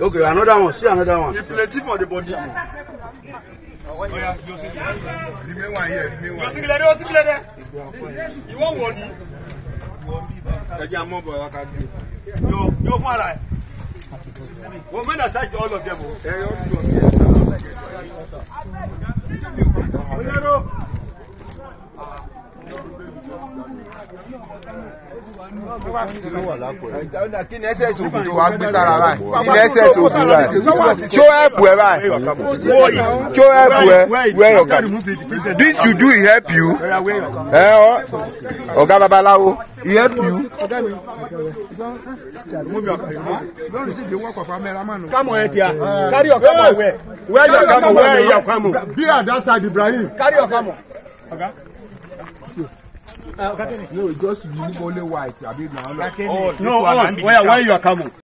Okay, another one. See another one. You plenty for the body. Remain one here. Remain one. You lede, Yosingi lede. You want body? Ẹja mọ bọ̀ wá ká gbé. Yóò yóò fún ara ẹ̀. Wọ́n mẹ́ta ṣáàjì all of them o. Ẹ yọ ọ́ sọ̀rọ̀. kí ni ẹsẹ̀ ìṣòfò tó wá gbé sára rà kí ni ẹsẹ̀ ìṣòfò ẹ rà tí ó ẹ wear your this you do e help you ẹ ọ ọ̀gá babaláwo e help you. Come on, Etia. Carry your camel. Where? Where your camel? Where your camel? Be at that side, Ibrahim. Carry your camel. Uh, no, just you only white. I mean, no, no. Oh, oh, where, where you are coming?